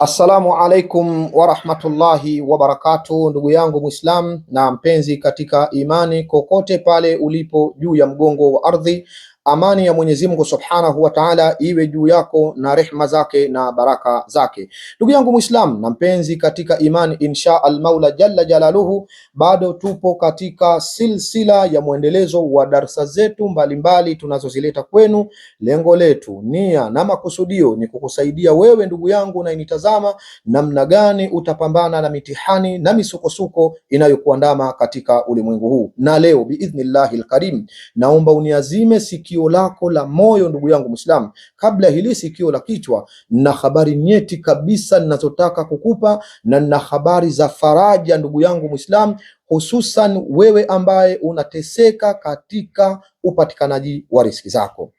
Assalamu alaikum warahmatullahi wabarakatuh, ndugu yangu Muislam na mpenzi katika imani, kokote pale ulipo juu ya mgongo wa ardhi Amani ya Mwenyezi Mungu Subhanahu wa Ta'ala iwe juu yako na rehma zake na baraka zake. Ndugu yangu Muislam na mpenzi katika imani, insha al Maula jalla jalaluhu, bado tupo katika silsila ya mwendelezo wa darsa zetu mbalimbali tunazozileta kwenu. Lengo letu, nia na makusudio ni kukusaidia wewe ndugu yangu unayenitazama, namna gani utapambana na mitihani na misukosuko inayokuandama katika ulimwengu huu. Na leo biidhnillahil karim, naomba uniazime sikio sikio lako la moyo, ndugu yangu Muislamu, kabla hili sikio la kichwa, na habari nyeti kabisa ninazotaka kukupa na na habari za faraja, ndugu yangu Muislamu, hususan wewe ambaye unateseka katika upatikanaji wa riski zako.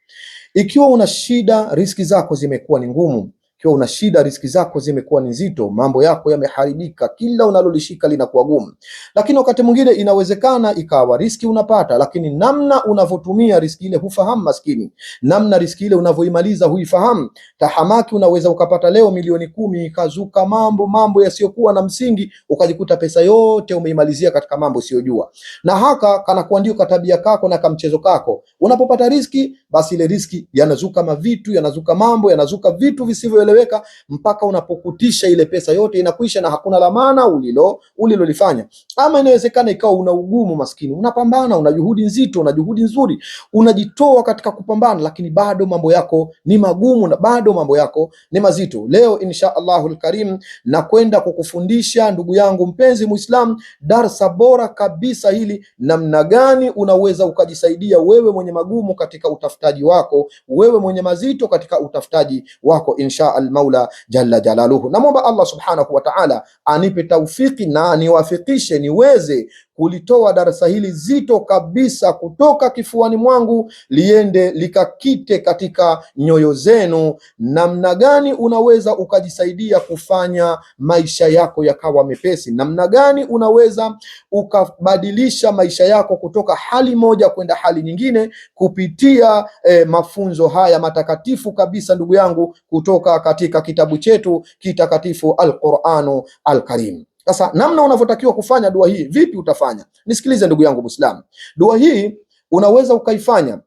Ikiwa una shida, riski zako zimekuwa ni ngumu ukiwa una shida, riski zako zimekuwa ni nzito, mambo yako yameharibika, kila unalolishika linakuwa gumu. Lakini wakati mwingine inawezekana ikawa riski unapata, lakini namna unavyotumia riski ile hufahamu maskini, namna riski ile unavyoimaliza huifahamu. Tahamaki, unaweza ukapata leo milioni kumi, ikazuka mambo mambo yasiyokuwa na msingi, ukajikuta pesa yote umeimalizia katika mambo usiyojua. Na haka kanakuwa ndio katabia kako na kamchezo kako. Unapopata riski, basi ile riski yanazuka mavitu, yanazuka mambo, yanazuka vitu visivyo kueleweka mpaka unapokutisha ile pesa yote inakuisha na hakuna la maana ulilo ulilolifanya. Ama inawezekana ikawa una ugumu maskini, unapambana, una juhudi nzito, una juhudi nzuri, unajitoa katika kupambana, lakini bado mambo yako ni magumu na bado mambo yako ni mazito. Leo insha Allahul Karim nakwenda kukufundisha ndugu yangu mpenzi Muislam, darsa bora kabisa hili, namna gani unaweza ukajisaidia wewe mwenye magumu katika utafutaji wako, wewe mwenye mazito katika utafutaji wako insha almaula jalla jalaluhu. Namwomba Allah subhanahu wa ta'ala anipe taufiki na aniwafikishe niweze ulitoa darasa hili zito kabisa kutoka kifuani mwangu liende likakite katika nyoyo zenu, namna gani unaweza ukajisaidia kufanya maisha yako yakawa mepesi, namna gani unaweza ukabadilisha maisha yako kutoka hali moja kwenda hali nyingine kupitia eh, mafunzo haya matakatifu kabisa, ndugu yangu, kutoka katika kitabu chetu kitakatifu Alquranu Alkarim. Sasa namna unavyotakiwa kufanya dua hii, vipi utafanya? Nisikilize ndugu yangu Muislamu, dua hii unaweza ukaifanya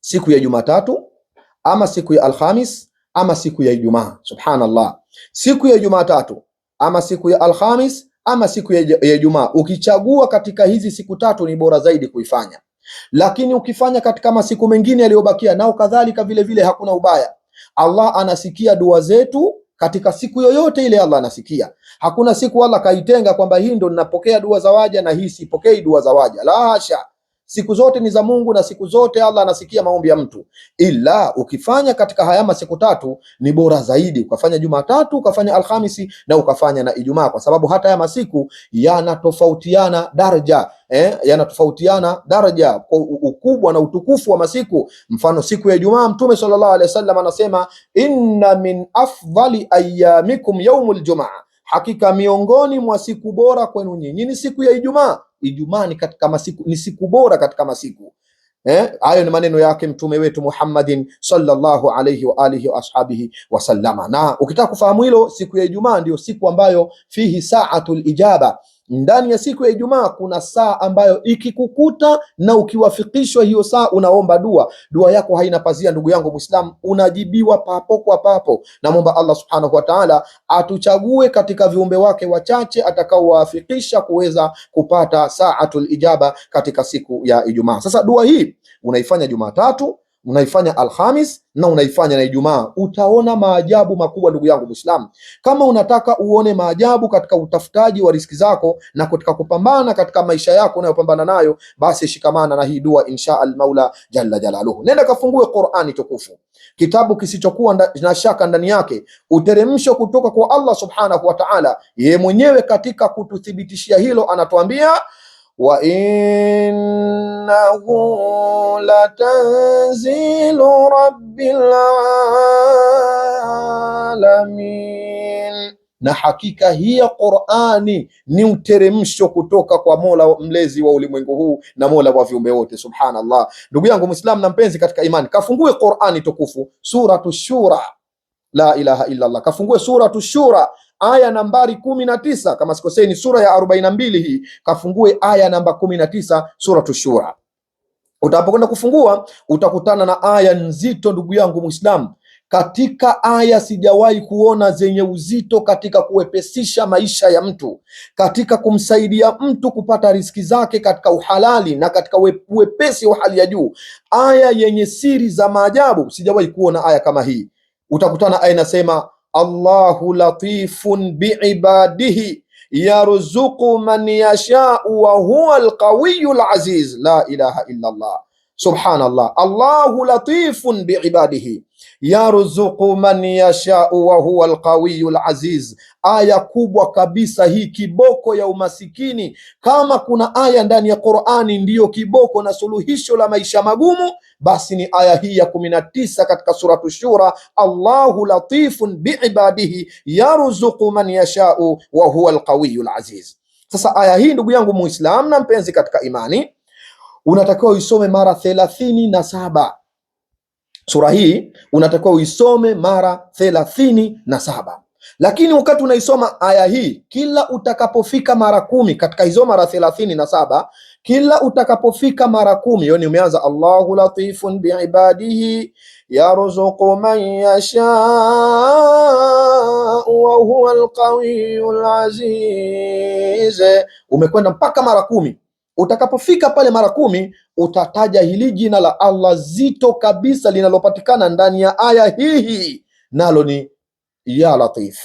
siku ya Jumatatu ama siku ya Alhamis ama siku ya Ijumaa. Subhanallah, siku ya Jumatatu ama siku ya Alhamis ama siku ya Ijumaa, ukichagua katika hizi siku tatu ni bora zaidi kuifanya, lakini ukifanya katika masiku mengine yaliyobakia, nao kadhalika vile vile hakuna ubaya. Allah anasikia dua zetu katika siku yoyote ile Allah anasikia. Hakuna siku Allah kaitenga kwamba hii ndo ninapokea dua za waja na hii sipokei dua za waja, la hasha. Siku zote ni za Mungu na siku zote Allah anasikia maombi ya mtu, ila ukifanya katika haya masiku tatu ni bora zaidi, ukafanya Jumatatu, ukafanya Alhamisi na ukafanya na Ijumaa, kwa sababu hata haya masiku yanatofautiana daraja eh, yanatofautiana daraja kwa ukubwa na utukufu wa masiku. Mfano, siku ya Ijumaa Mtume sallallahu alaihi wasallam anasema, inna min afdhali ayamikum yaumul jumaa, hakika miongoni mwa siku bora kwenu nyinyi ni siku ya Ijumaa. Ijumaa ni katika masiku, ni siku bora katika masiku. Eh, hayo ni maneno yake mtume wetu Muhammadin sallallahu alayhi wa alihi wa ashabihi sallama. Na ukitaka kufahamu hilo, siku ya Ijumaa ndiyo siku ambayo fihi saatul ijaba ndani ya siku ya Ijumaa kuna saa ambayo ikikukuta na ukiwafikishwa hiyo saa, unaomba dua. Dua yako haina pazia, ndugu yangu Muislamu, unajibiwa papo kwa papo. Namwomba Allah subhanahu wa ta'ala atuchague katika viumbe wake wachache atakaowafikisha kuweza kupata saatul ijaba katika siku ya Ijumaa. Sasa dua hii unaifanya Jumatatu unaifanya Alhamis na unaifanya na Ijumaa, utaona maajabu makubwa, ndugu yangu Muislamu. Kama unataka uone maajabu katika utafutaji wa riski zako na katika kupambana katika maisha yako unayopambana nayo, basi shikamana na hii dua insha almaula jalla jalaluhu. Nenda kafungue Qur'ani tukufu, kitabu kisichokuwa na shaka ndani yake, uteremsho kutoka kwa Allah subhanahu wa ta'ala. Yeye mwenyewe katika kututhibitishia hilo anatuambia wa innahu latanzilu rabbil alamin, na hakika hiya Qur'ani ni uteremsho kutoka kwa Mola mlezi wa ulimwengu huu na Mola wa viumbe wote. Subhanallah, ndugu yangu Muislamu na mpenzi katika imani, kafungue Qur'ani tukufu, suratu Shura, la ilaha illa Allah, kafungue suratu Shura aya nambari kumi na tisa kama sikosei, ni sura ya arobaini na mbili hii. Kafungue aya namba kumi na tisa suratu Shura. Utapokwenda kufungua utakutana na aya nzito, ndugu yangu Muislamu. Katika aya sijawahi kuona zenye uzito katika kuwepesisha maisha ya mtu, katika kumsaidia mtu kupata riziki zake katika uhalali na katika uwepesi wa hali ya juu. Aya yenye siri za maajabu, sijawahi kuona aya kama hii. Utakutana aya inasema الله لطيف بعباده يرزق من يشاء وهو القوي العزيز لا إله إلا الله سبحان الله الله لطيف بعباده yarzuqu man yashau wa huwa alqawiyu alaziz. Aya kubwa kabisa hii, kiboko ya umasikini. Kama kuna aya ndani ya Qurani ndiyo kiboko na suluhisho la maisha magumu, basi ni aya hii ya kumi na tisa katika suratu Shura, Allahu latifun biibadihi yarzuqu man yashau wa huwa alqawiyu alaziz. Sasa aya hii ndugu yangu Muislamu na mpenzi katika imani, unatakiwa uisome mara thelathini na saba Sura hii unatakiwa uisome mara thelathini na saba lakini wakati unaisoma aya hii, kila utakapofika mara kumi katika hizo mara thelathini na saba kila utakapofika mara kumi yoni umeanza Allahu latifun biibadihi yarzuqu man yashau wa huwa alqawiyul aziz, umekwenda mpaka mara kumi. Utakapofika pale mara kumi utataja hili jina la Allah zito kabisa linalopatikana ndani ya aya hii, nalo ni ya Latif.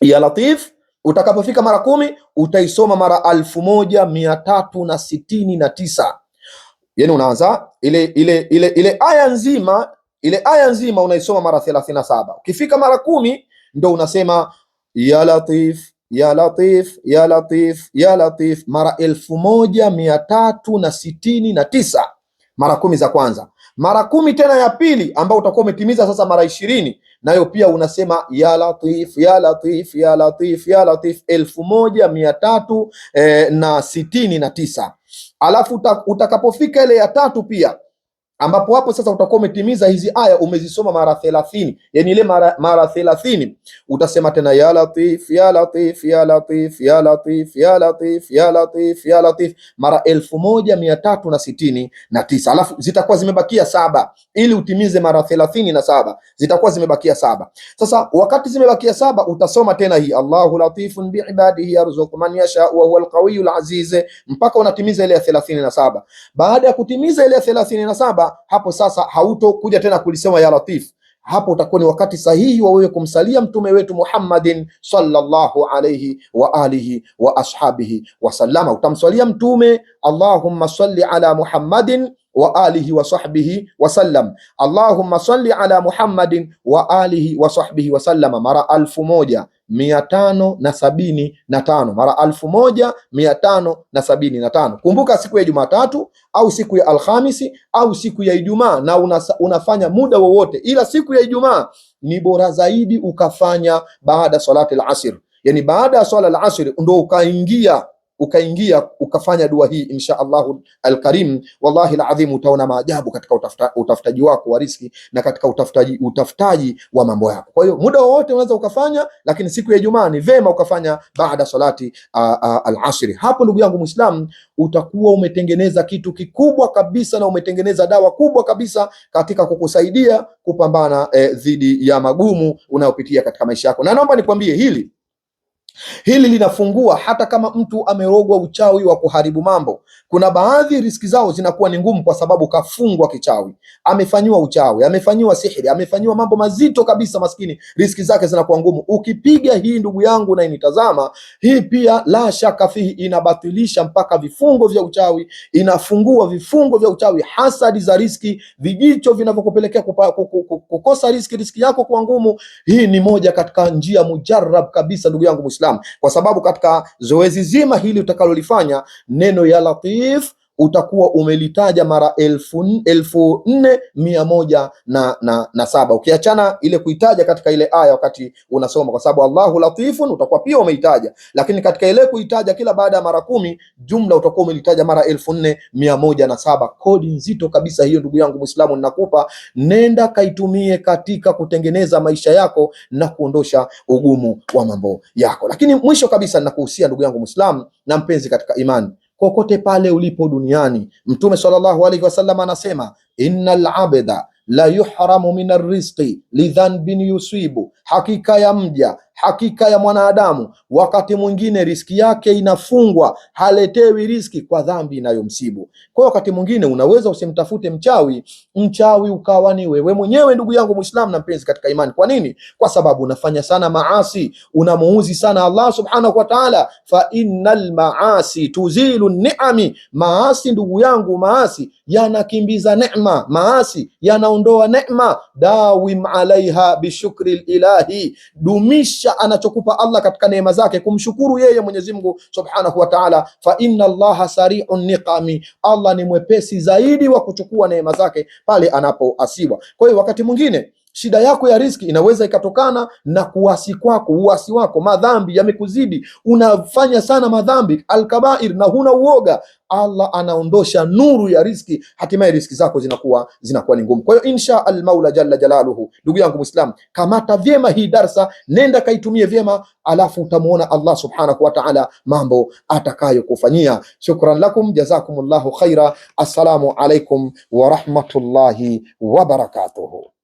Ya Latif utakapofika mara kumi utaisoma mara alfu moja mia tatu na sitini na tisa yani unaanza ile ile ile ile aya nzima ile aya nzima unaisoma mara thelathini na saba ukifika mara kumi ndo unasema ya Latif ya Latif ya Latif ya Latif mara elfu moja mia tatu na sitini na tisa mara kumi za kwanza, mara kumi tena ya pili, ambao utakuwa umetimiza sasa mara ishirini, nayo pia unasema ya Latif ya Latif ya Latif ya Latif elfu moja mia tatu eh, na sitini na tisa. Alafu utakapofika ile ya tatu pia ambapo hapo sasa utakuwa umetimiza hizi aya umezisoma mara thelathini, yani ile mara, mara thelathini utasema tena ya Latif ya Latif ya Latif ya Latif ya Latif ya Latif ya Latif mara elfu moja mia tatu na sitini na tisa alafu zitakuwa zimebakia saba ili utimize mara thelathini na saba zitakuwa zimebakia saba. Sasa wakati zimebakia saba utasoma tena hii Allahu latifun bi ibadihi yarzuqu man yasha wa huwa alqawiyul aziz mpaka unatimiza ile ya thelathini na saba. Baada ya kutimiza ile ya thelathini na saba hapo sasa hautokuja tena kulisema ya Latif. Hapo utakuwa ni wakati sahihi wa wewe kumsalia mtume wetu Muhammadin sallallahu alayhi wa alihi wa ashabihi wasallama. Utamswalia mtume, Allahumma salli ala Muhammadin wa alihi wa sahbihi wasallam, Allahumma salli ala Muhammadin wa alihi wa sahbihi sallama mara alfu moja mia tano na sabini na tano mara alfu moja mia tano na sabini na tano. Kumbuka siku ya Jumatatu au siku ya Alhamisi au siku ya Ijumaa, na unasa, unafanya muda wowote, ila siku ya Ijumaa ni bora zaidi ukafanya baada salati al-asr, yani baada ya swala al-asr ndo ukaingia ukaingia ukafanya dua hii insha Allahu alkarim, wallahi alazim utaona maajabu katika utafta, utafutaji wako wa riski na katika utafutaji, utafutaji wa mambo yako. Kwa hiyo muda wowote unaweza ukafanya, lakini siku ya Ijumaa ni vema ukafanya baada salati alasri. Hapo ndugu yangu Muislam, utakuwa umetengeneza kitu kikubwa kabisa na umetengeneza dawa kubwa kabisa katika kukusaidia kupambana eh, dhidi eh, ya magumu unayopitia katika maisha yako, na naomba nikwambie hili Hili linafungua hata kama mtu amerogwa uchawi wa kuharibu mambo. Kuna baadhi riski zao zinakuwa ni ngumu, kwa sababu kafungwa kichawi, amefanyiwa uchawi, amefanyiwa sihiri, amefanyiwa mambo mazito kabisa, maskini riski zake zinakuwa ngumu. Ukipiga hii, ndugu yangu na initazama hii, pia la shaka fihi, inabatilisha mpaka vifungo vya uchawi, inafungua vifungo vya uchawi, hasadi za riski, vijicho vinavyokupelekea kukosa riski, riski yako kuwa ngumu. Hii ni moja katika njia mujarab kabisa, ndugu yangu Muislamu. Kiislamu, kwa sababu katika zoezi zima hili utakalolifanya neno ya Latif utakuwa umelitaja mara elfu, elfu nne mia moja na, na, na saba ukiachana ile kuitaja katika ile aya wakati unasoma, kwa sababu Allahu latifun utakuwa pia umeitaja, lakini katika ile kuitaja kila baada ya mara kumi jumla utakuwa umelitaja mara elfu nne mia moja na saba. Kodi nzito kabisa hiyo, ndugu yangu Muislamu, ninakupa nenda kaitumie katika kutengeneza maisha yako na kuondosha ugumu wa mambo yako. Lakini mwisho kabisa ninakuhusia ndugu yangu Muislamu na mpenzi katika imani kokote pale ulipo duniani. Mtume sallallahu alaihi wasallam anasema innal abda la yuhramu min arrizqi lidhanbin yusibu, hakika ya mja Hakika ya mwanadamu wakati mwingine riski yake inafungwa, haletewi riski kwa dhambi inayomsibu. Kwa wakati mwingine unaweza usimtafute mchawi, mchawi ukawa ni wewe mwenyewe, ndugu yangu Muislamu na mpenzi katika imani. Kwa nini? Kwa sababu unafanya sana maasi, unamuuzi sana Allah subhanahu wa ta'ala, fa innal maasi tuzilu ni'ami. Maasi ndugu yangu, maasi yanakimbiza neema, maasi yanaondoa neema. Dawim alaiha bishukri lilahi, dumisha kuonyesha anachokupa Allah katika neema zake, kumshukuru yeye Mwenyezi Mungu Subhanahu wa Ta'ala. Fa inna Allah sari'un niqami, Allah ni mwepesi zaidi wa kuchukua neema zake pale anapoasiwa. Kwa hiyo wakati mwingine Shida yako ya riski inaweza ikatokana na kuwasi kwako, uwasi wako, madhambi yamekuzidi, unafanya sana madhambi alkabair, na huna uoga. Allah anaondosha nuru ya riski, hatimaye riski zako zinakuwa zinakuwa ni ngumu. Kwa hiyo insha almaula jalla jalaluhu, ndugu yangu Muislam, kamata vyema hii darsa, nenda kaitumie vyema, alafu utamuona Allah subhanahu wa ta'ala mambo atakayokufanyia. Shukran lakum, jazakumullahu khaira. Assalamu alaikum wa rahmatullahi wa barakatuhu.